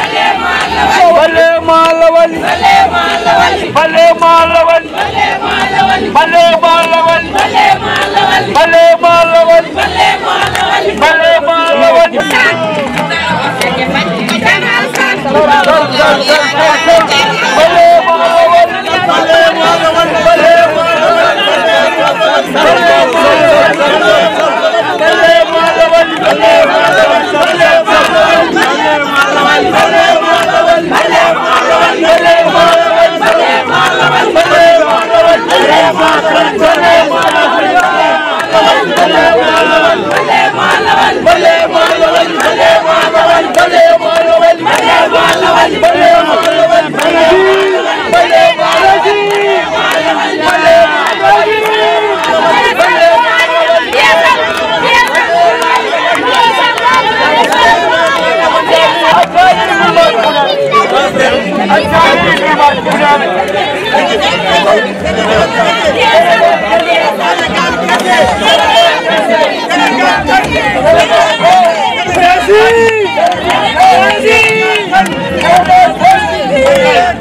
भले मालवल भले मालवल भले मालवल भले मालवल भले मालवल भले मालवल भले मालवल भले मालवल भले मालवल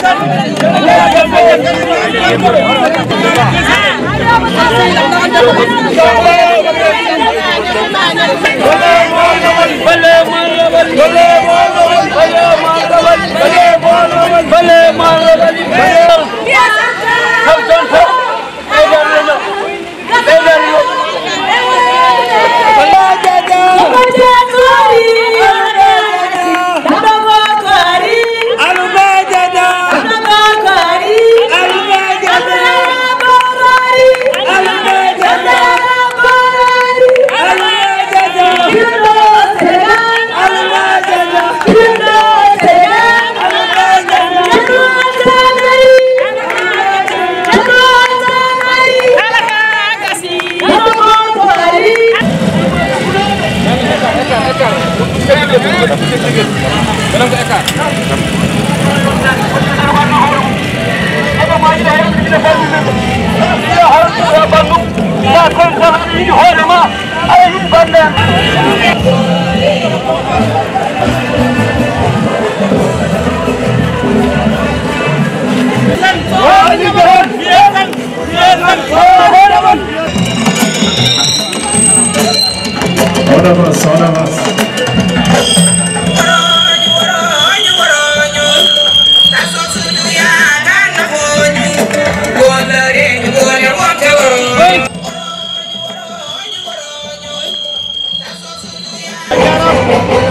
Thank you. Madame Vincent